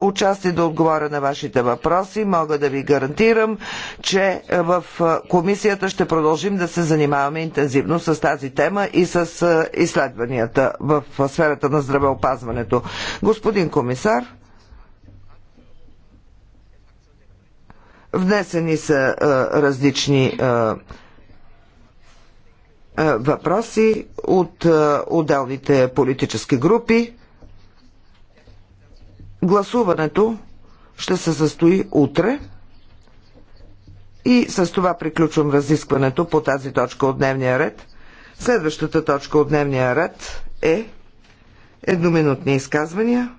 участие да отговоря на вашите въпроси. Мога да ви гарантирам, че в комисията ще продължим да се занимаваме интензивно с тази тема и с изследванията в сферата на здравеопазването. Господин комисар, внесени са различни въпроси от отделните политически групи. Гласуването ще се състои утре. И с това приключвам разискването по тази точка от дневния ред. Следващата точка от дневния ред е едноминутни изказвания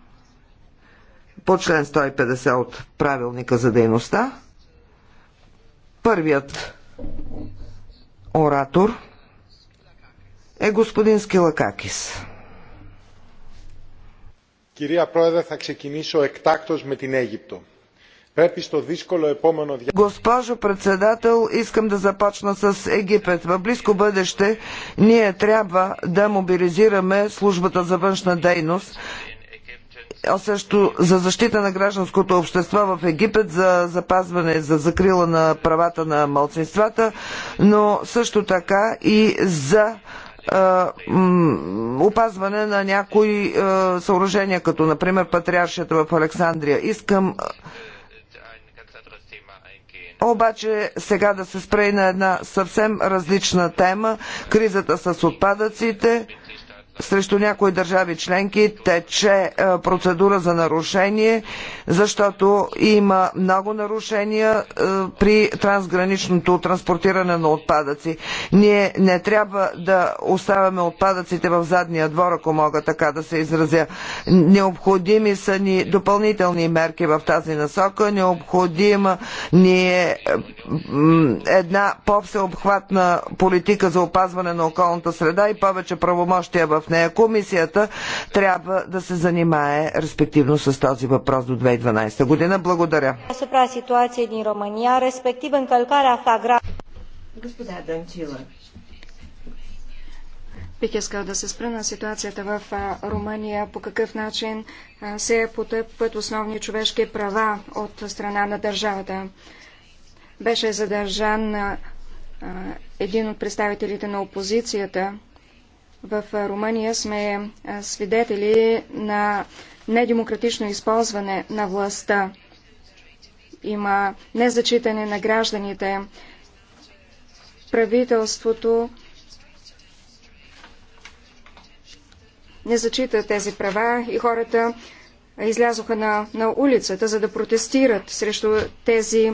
по член 150 от правилника за дейността. Първият оратор е господин Скилакакис. Κυρία Πρόεδρε, θα ξεκινήσω με την Αίγυπτο. Πρέπει στο δύσκολο επόμενο διάστημα... Госпожо председател, искам да започна с Египет. В близко бъдеще ние трябва да мобилизираме службата за външна дейност също за защита на гражданското общество в Египет, за запазване, за закрила на правата на малцинствата, но също така и за опазване на някои съоръжения, като например патриаршията в Александрия. Искам обаче сега да се спре на една съвсем различна тема кризата с отпадъците срещу някои държави членки тече е, процедура за нарушение, защото има много нарушения е, при трансграничното транспортиране на отпадъци. Ние не трябва да оставяме отпадъците в задния двор, ако мога така да се изразя. Необходими са ни допълнителни мерки в тази насока, необходима ни е една по-всеобхватна политика за опазване на околната среда и повече правомощия в нея. Комисията трябва да се занимае респективно с този въпрос до 2012 година. Благодаря. Господа Данчила, Бих искал да се спра на ситуацията в Румъния, по какъв начин се потъпват основни човешки права от страна на държавата. Беше задържан един от представителите на опозицията в Румъния сме свидетели на недемократично използване на властта. Има незачитане на гражданите. Правителството не зачита тези права и хората излязоха на, на улицата, за да протестират срещу тези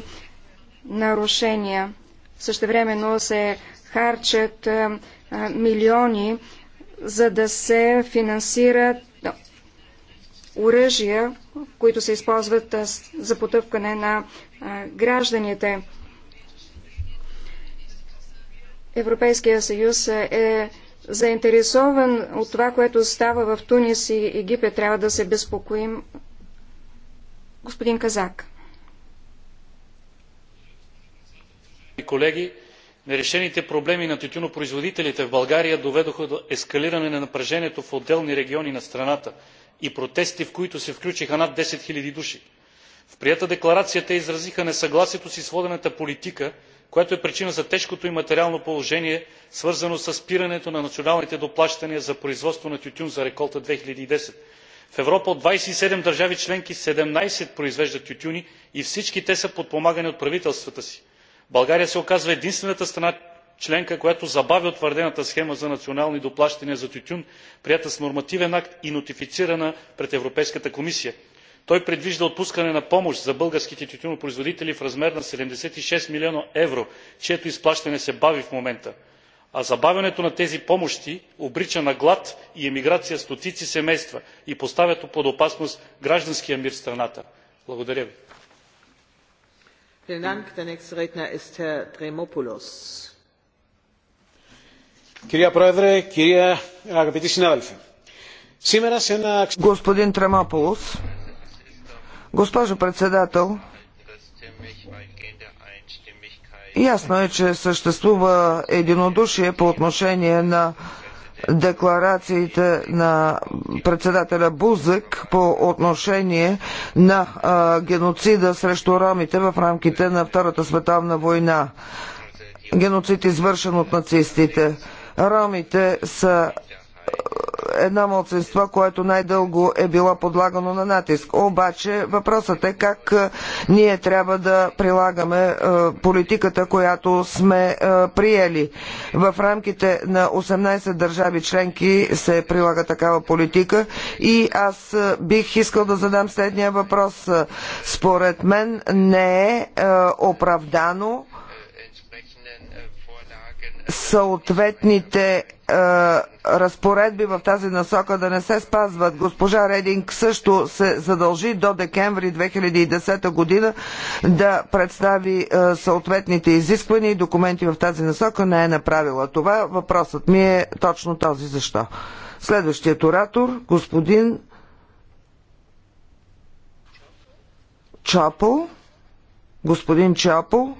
нарушения. Същевременно се харчат милиони, за да се финансират оръжия, които се използват за потъпкане на гражданите. Европейския съюз е заинтересован от това, което става в Тунис и Египет. Трябва да се безпокоим. Господин Казак. Колеги, нерешените проблеми на тютюнопроизводителите в българя доведоха до ескалиране на напрежението в отделни региони на страната и протести в които се включиха над десет хиляди души. в приета декларация те изразиха несъгласието си с водената политика която е причина за тежкото им материално положение свързано със спирането на националните доплащания за производство на тютюн за реколта. две хиляди и десет в европа от двадесет и седем държави членки седемнадесет произвеждат тютюни и всички те са подпомагани от правителствата си. България се оказва единствената страна членка, която забави утвърдената схема за национални доплащания за тютюн, приета с нормативен акт и нотифицирана пред Европейската комисия. Той предвижда отпускане на помощ за българските тютюнопроизводители в размер на шест милиона евро, чието изплащане се бави в момента. А забавянето на тези помощи обрича на глад и емиграция стотици семейства и поставя под опасност гражданския мир в страната. Благодаря ви. Vielen Dank. Der nächste Redner ist Herr Tremopoulos. Κυρία Πρόεδρε, κυρία αγαπητοί συνάδελφοι, σήμερα σε ένα... Господин Тремополос, госпожо председател, ясно е, че съществува единодушие по отношение на декларациите на председателя Бузък по отношение на а, геноцида срещу ромите в рамките на Втората световна война. Геноцид извършен от нацистите. Ромите са едно младсинство, което най-дълго е било подлагано на натиск. Обаче въпросът е как е, ние трябва да прилагаме е, политиката, която сме е, приели. В рамките на 18 държави членки се прилага такава политика и аз бих искал да задам следния въпрос. Според мен не е оправдано съответните е, разпоредби в тази насока да не се спазват. Госпожа Рединг също се задължи до декември 2010 година да представи е, съответните изисквания и документи в тази насока. Не е направила това. Въпросът ми е точно този защо. Следващият оратор, господин Чопо. Господин Чопо.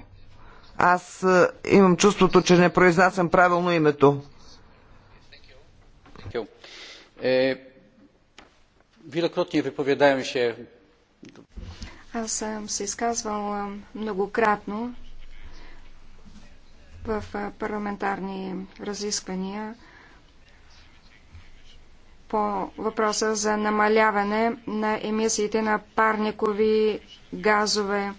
Аз е, имам чувството, че не произнасям правилно името. Wielokrotnie wypowiadałem ще... Аз съм се изказвал е, многократно в е, парламентарни разисквания по въпроса за намаляване на емисиите на парникови газове.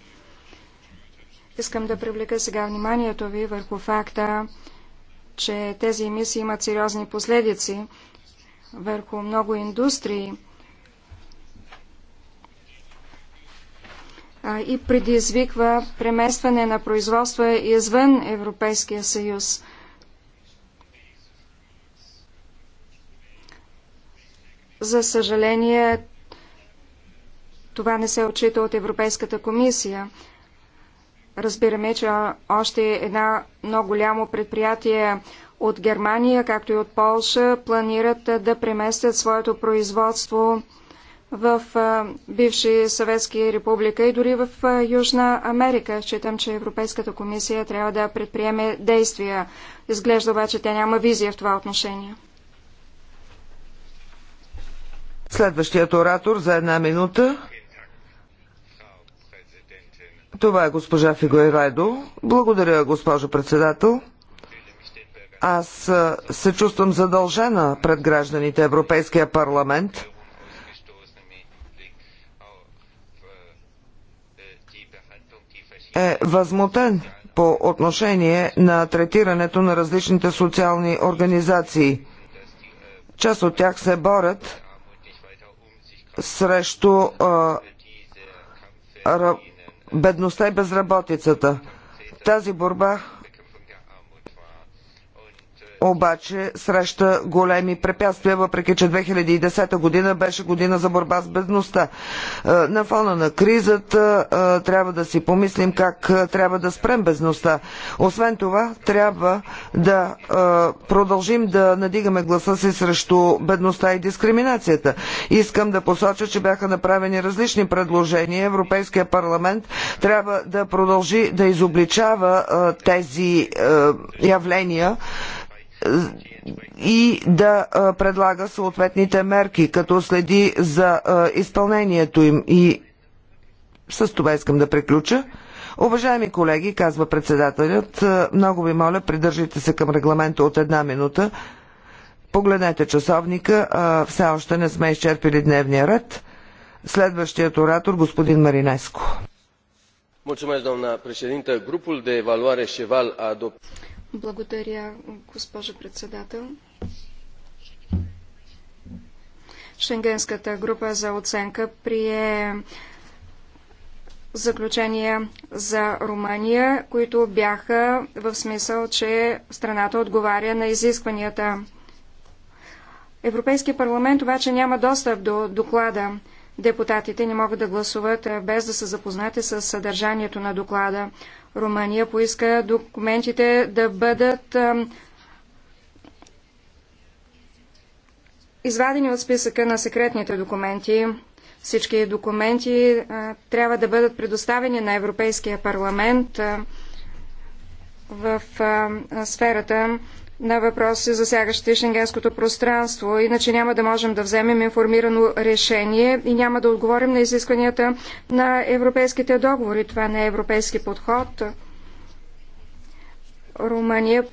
Искам да привлека сега вниманието ви върху факта, че тези емисии имат сериозни последици върху много индустрии и предизвиква преместване на производства извън Европейския съюз. За съжаление, това не се отчита от Европейската комисия. Разбираме, че още една много голямо предприятие от Германия, както и от Полша, планират да преместят своето производство в бивши Съветски република и дори в Южна Америка. Считам, че Европейската комисия трябва да предприеме действия. Изглежда обаче тя няма визия в това отношение. Следващият оратор за една минута. Това е госпожа Райдо. Благодаря, госпожо председател. Аз се чувствам задължена пред гражданите Европейския парламент е възмутен по отношение на третирането на различните социални организации. Част от тях се борят срещу а, бедността и безработицата. Тази борба обаче среща големи препятствия, въпреки че 2010 година беше година за борба с бедността. Е, на фона на кризата е, трябва да си помислим как е, трябва да спрем бедността. Освен това, трябва да продължим да надигаме гласа си срещу бедността и дискриминацията. Искам да посоча, че бяха направени различни предложения. Европейския парламент трябва да продължи да изобличава тези явления, и да предлага съответните мерки, като следи за изпълнението им. И с това искам да приключа. Уважаеми колеги, казва председателят, много ви моля, придържайте се към регламента от една минута. Погледнете часовника, все още не сме изчерпили дневния ред. Следващият оратор, господин Маринеско. Mulțumesc, doamna președintă. Grupul de evaluare Cheval a благодаря, госпожо председател. Шенгенската група за оценка прие заключения за Румъния, които бяха в смисъл, че страната отговаря на изискванията. Европейския парламент обаче няма достъп до доклада. Депутатите не могат да гласуват без да са запознати с съдържанието на доклада. Румъния поиска документите да бъдат извадени от списъка на секретните документи. Всички документи трябва да бъдат предоставени на Европейския парламент в сферата на въпроси, засягащи шенгенското пространство. Иначе няма да можем да вземем информирано решение и няма да отговорим на изискванията на европейските договори. Това не е европейски подход. Румъния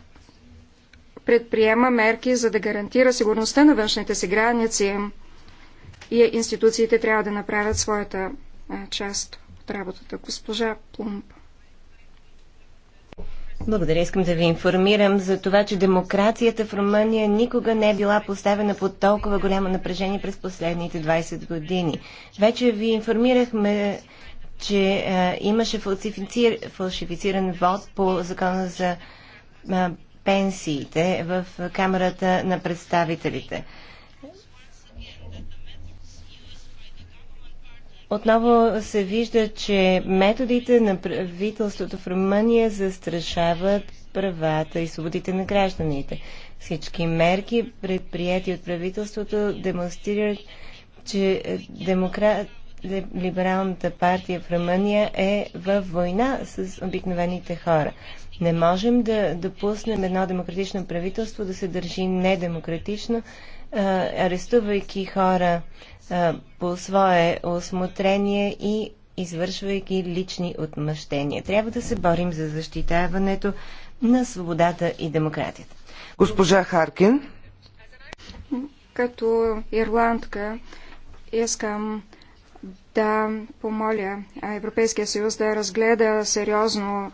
предприема мерки, за да гарантира сигурността на външните си граници и институциите трябва да направят своята част от работата. Госпожа Плумп. Благодаря. Искам да ви информирам за това, че демокрацията в Румъния никога не е била поставена под толкова голямо напрежение през последните 20 години. Вече ви информирахме, че а, е, имаше фалшифицир... фалшифициран вод по закона за а, е, пенсиите в Камерата на представителите. Отново се вижда, че методите на правителството в Румъния застрашават правата и свободите на гражданите. Всички мерки, предприяти от правителството, демонстрират, че демокра... либералната партия в Румъния е във война с обикновените хора. Не можем да допуснем едно демократично правителство да се държи недемократично арестувайки хора по свое осмотрение и извършвайки лични отмъщения. Трябва да се борим за защитаването на свободата и демократията. Госпожа Харкин. Като ирландка искам да помоля Европейския съюз да разгледа сериозно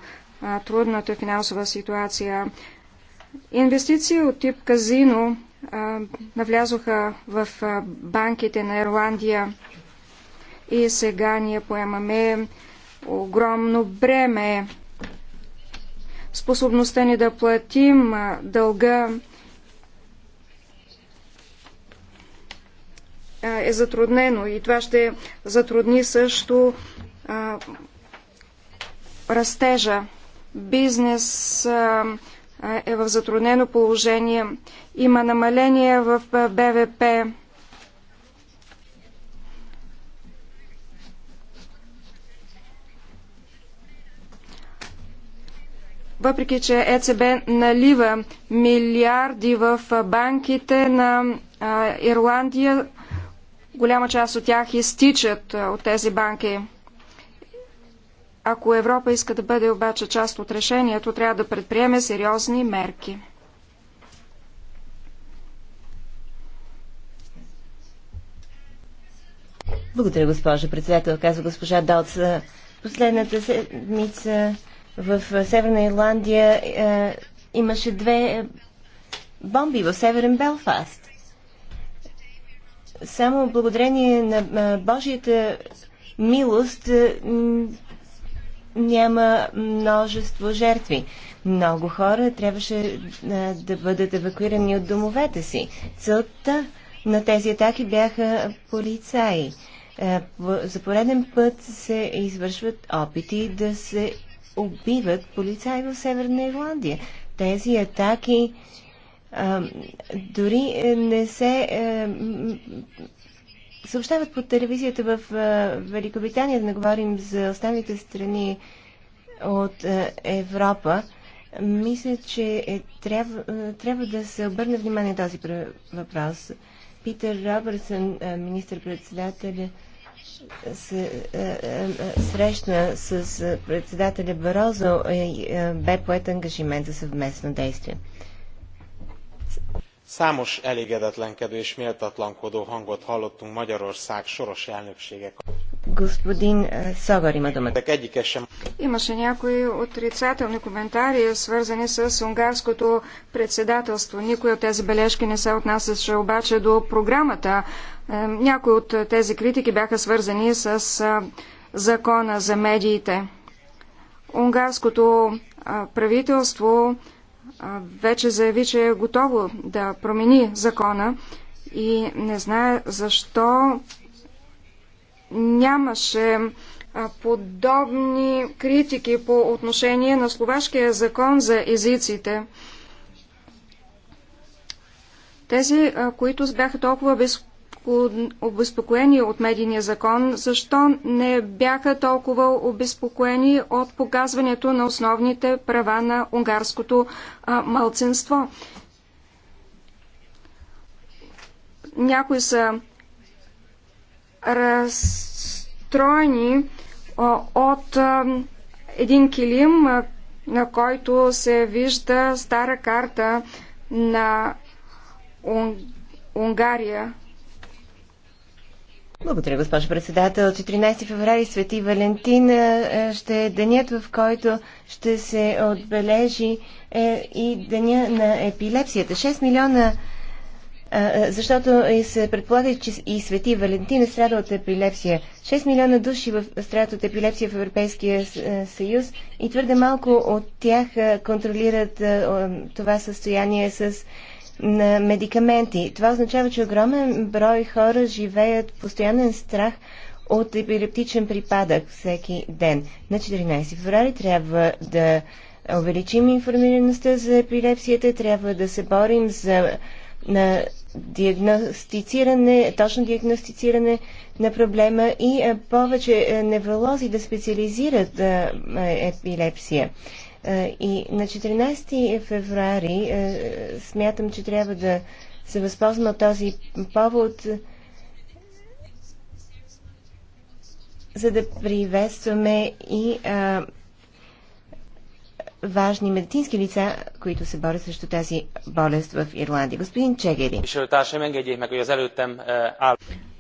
трудната финансова ситуация. Инвестиции от тип казино навлязоха в банките на Ирландия и сега ние поемаме огромно бреме. Способността ни да платим дълга е затруднено и това ще затрудни също а, растежа. Бизнес а, е в затруднено положение. Има намаление в БВП. Въпреки, че ЕЦБ налива милиарди в банките на Ирландия, голяма част от тях изтичат от тези банки. Ако Европа иска да бъде обаче част от решението, трябва да предприеме сериозни мерки. Благодаря, госпожа председател, казва госпожа Далц. Последната седмица в е, Северна Ирландия е, имаше две е, бомби в Северен Белфаст. Само благодарение на е, Божията милост е, няма множество жертви. Много хора трябваше да бъдат евакуирани от домовете си. Целта на тези атаки бяха полицаи. За пореден път се извършват опити да се убиват полицаи в Северна Ирландия. Тези атаки а, дори е, не се а, е, съобщават по телевизията в Великобритания, да не говорим за останалите страни от Европа, мисля, че е, трябва, трябва да се обърне внимание този въпрос. Питър Робъртсън, министър председател се е, е, срещна с председателя Барозо и бе поет ангажимент за съвместно действие számos elégedetlenkedő és méltatlankodó hangot hallottunk Magyarország soros elnöksége Господин Сагар eh, има думата. Имаше някои отрицателни коментари, свързани с унгарското председателство. Никой от тези бележки не се отнасяше обаче до програмата. Е, някои от тези критики бяха свързани с е, закона за медиите. Унгарското е, правителство вече заяви, че е готово да промени закона и не знае защо нямаше подобни критики по отношение на словашкия закон за езиците. Тези, които бяха толкова безпокоени, обезпокоени от медийния закон, защо не бяха толкова обезпокоени от показването на основните права на унгарското а, малцинство? Някои са разстроени а, от а, един килим, а, на който се вижда стара карта на Унгария. Благодаря, госпожо председател. 14 феврари Свети Валентин е, е, ще е денят, в който ще се отбележи е, и деня на епилепсията. 6 милиона е, защото се предполага, че и Свети Валентин е страдал от епилепсия. 6 милиона души в страдат от епилепсия в Европейския съюз и твърде малко от тях контролират това състояние с на медикаменти. Това означава, че огромен брой хора живеят в постоянен страх от епилептичен припадък всеки ден. На 14 феврари трябва да увеличим информираността за епилепсията, трябва да се борим за на диагностициране, точно диагностициране на проблема и повече невролози да специализират епилепсия. Е, и на 14 февруари е, смятам, че трябва да се възползвам от този повод, за да приветстваме и а, важни медицински лица, които се борят срещу тази болест в Ирландия. Господин Чегери. Е,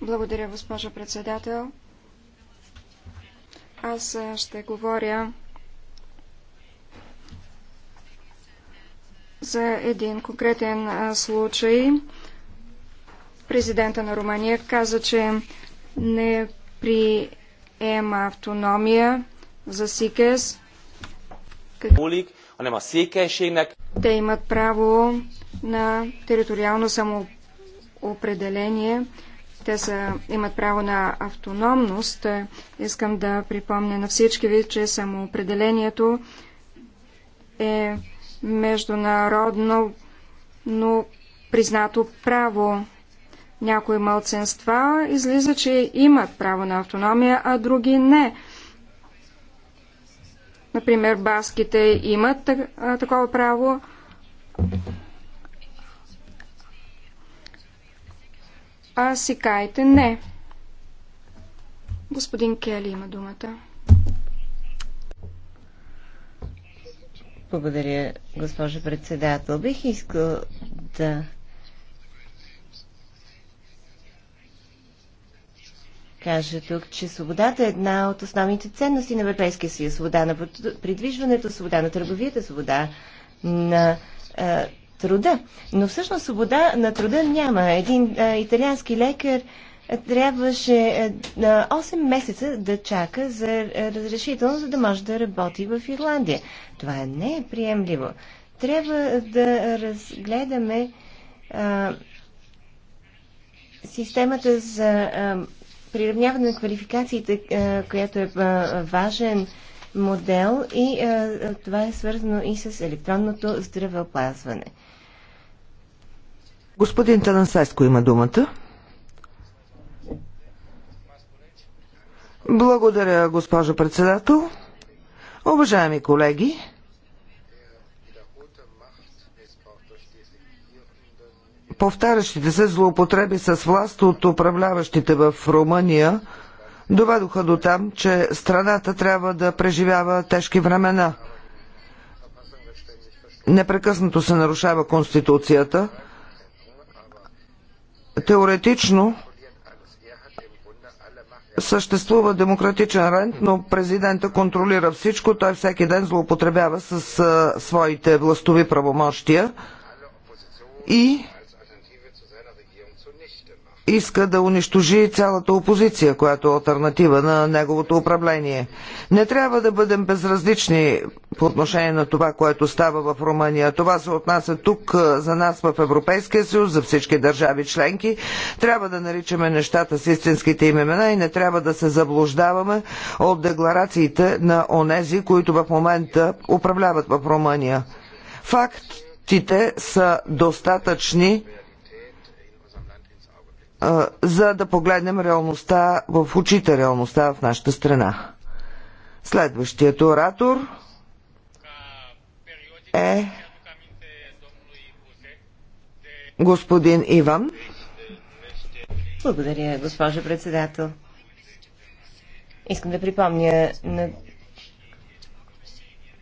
Благодаря, госпожа председател. Аз ще говоря за един конкретен случай. Президента на Румъния каза, че не приема автономия за СИКЕС. Те имат право на териториално самоопределение. Те са, имат право на автономност. Искам да припомня на всички ви, че самоопределението е международно но признато право. Някои мълценства излиза, че имат право на автономия, а други не. Например, баските имат такова право. А сикаите не. Господин Кели има думата. Благодаря, госпожо председател. Бих искал да кажа тук, че свободата е една от основните ценности на Европейския съюз. Свобода на придвижването, свобода на търговията, свобода на е, труда. Но всъщност свобода на труда няма. Един е, италиански лекар е, трябваше 8 е, месеца да чака за е, разрешително, за да може да работи в Ирландия. Това не е приемливо. Трябва да разгледаме а, е, системата за а, приравняване на квалификациите, а, която е а, важен модел и а, това е свързано и с електронното здравеопазване. Господин Танасайско има думата. Благодаря, госпожо председател. Уважаеми колеги, повтарящите се злоупотреби с власт от управляващите в Румъния доведоха до там, че страната трябва да преживява тежки времена. Непрекъснато се нарушава Конституцията. Теоретично съществува демократичен рент, но президента контролира всичко. Той всеки ден злоупотребява с своите властови правомощия и иска да унищожи цялата опозиция, която е альтернатива на неговото управление. Не трябва да бъдем безразлични по отношение на това, което става в Румъния. Това се отнася тук за нас в Европейския съюз, за всички държави членки. Трябва да наричаме нещата с истинските им имена и не трябва да се заблуждаваме от декларациите на онези, които в момента управляват в Румъния. Фактите са достатъчни за да погледнем реалността в очите, реалността в нашата страна. Следващият оратор е господин Иван. Благодаря, госпожа председател. Искам да припомня на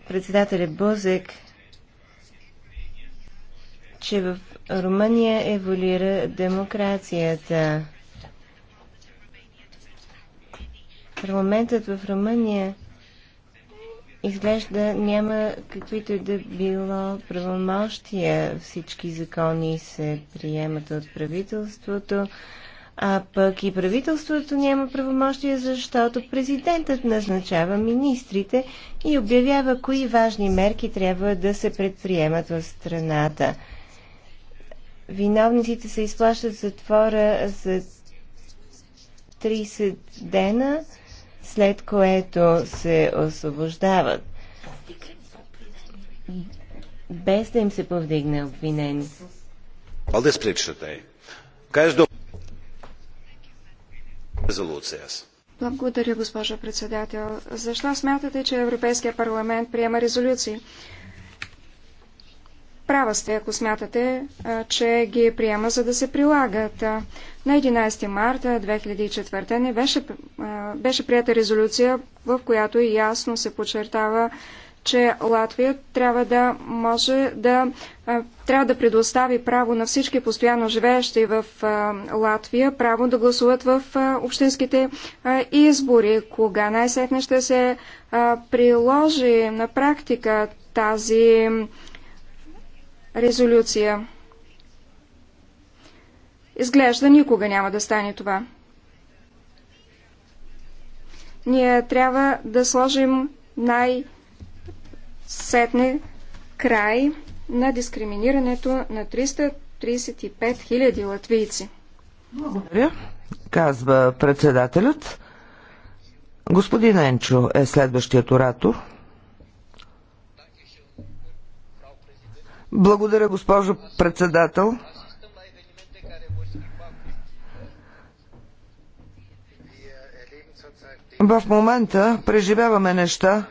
председателя Бозек, че в Румъния еволира демокрацията. Парламентът в Румъния изглежда няма каквито и да било правомощия. Всички закони се приемат от правителството, а пък и правителството няма правомощия, защото президентът назначава министрите и обявява кои важни мерки трябва да се предприемат в страната виновниците се изплащат затвора за 30 дена, след което се освобождават. Без да им се повдигне обвинение. Благодаря, госпожа председател. Защо смятате, че Европейския парламент приема резолюции? Права сте, ако смятате, че ги приема за да се прилагат. На 11 марта 2004 не беше, беше прията резолюция, в която ясно се подчертава, че Латвия трябва да може да трябва да предостави право на всички постоянно живеещи в Латвия, право да гласуват в общинските избори. Кога най-сетне ще се приложи на практика тази резолюция. Изглежда никога няма да стане това. Ние трябва да сложим най-сетне край на дискриминирането на 335 000 латвийци. Благодаря, казва председателят. Господин Енчо е следващият оратор. Благодаря, госпожо председател. В момента преживяваме неща,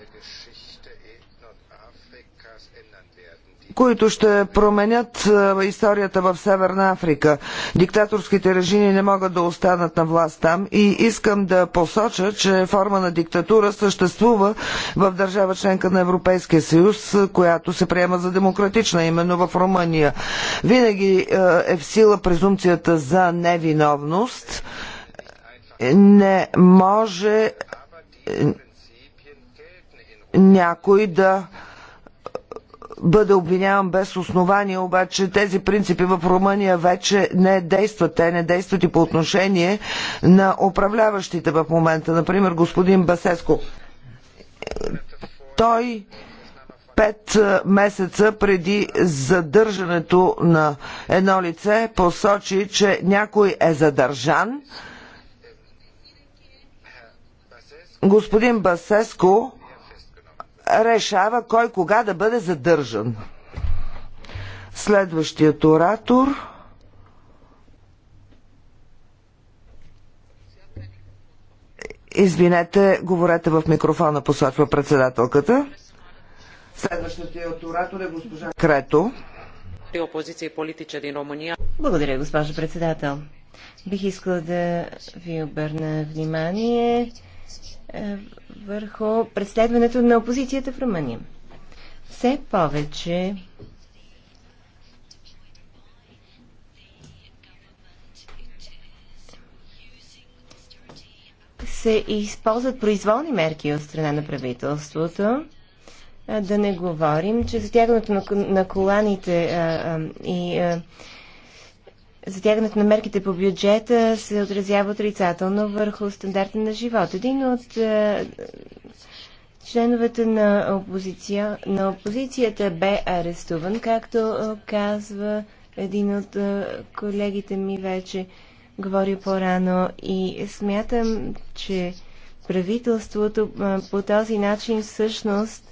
които ще променят е, историята в Северна Африка. Диктаторските режими не могат да останат на власт там и искам да посоча, че форма на диктатура съществува в държава членка на Европейския съюз, е, която се приема за демократична, именно в Румъния. Винаги е, е в сила презумцията за невиновност. Не може някой да бъде обвиняван без основание, обаче тези принципи в Румъния вече не действат. Те не действат и по отношение на управляващите в момента. Например, господин Басеско. Той пет месеца преди задържането на едно лице посочи, че някой е задържан. Господин Басеско решава кой кога да бъде задържан. Следващият оратор. Извинете, говорете в микрофона, посочва председателката. Следващият оратор е госпожа Крето. Опозиция и политича din Румъния. Благодаря, госпожа председател. Бих искала да ви обърна внимание е, върху преследването на опозицията в Румъния. Все повече се използват произволни мерки от страна на правителството. Е, да не говорим, че затягането на коланите е, и затягането на мерките по бюджета се отразява отрицателно върху стандарта на живот. Един от е, членовете на, опозиция, на опозицията бе арестуван, както е, казва един от е, колегите ми вече говори по-рано и смятам, че правителството по този начин всъщност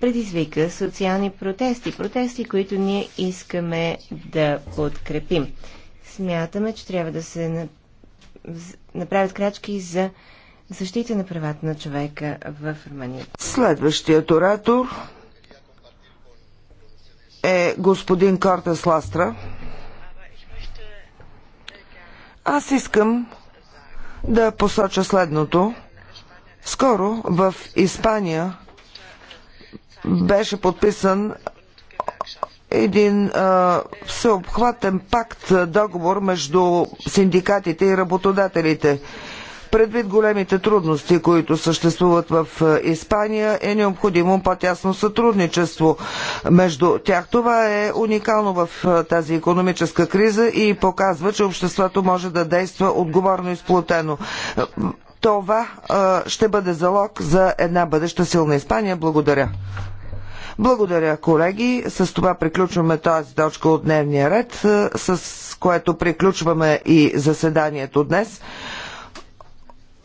предизвика социални протести. Протести, които ние искаме да подкрепим. Смятаме, че трябва да се направят крачки за защита на правата на човека в Румъния. Следващият оратор е господин Кортес Ластра. Аз искам да посоча следното. Скоро в Испания беше подписан един а, всеобхватен пакт, договор между синдикатите и работодателите. Предвид големите трудности, които съществуват в Испания, е необходимо по-тясно сътрудничество между тях. Това е уникално в тази економическа криза и показва, че обществото може да действа отговорно и сплотено. Това а, ще бъде залог за една бъдеща силна Испания. Благодаря. Благодаря, колеги. С това приключваме тази точка от дневния ред, е, с което приключваме и заседанието днес.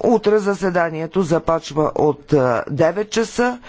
Утре заседанието започва от 9 е, часа.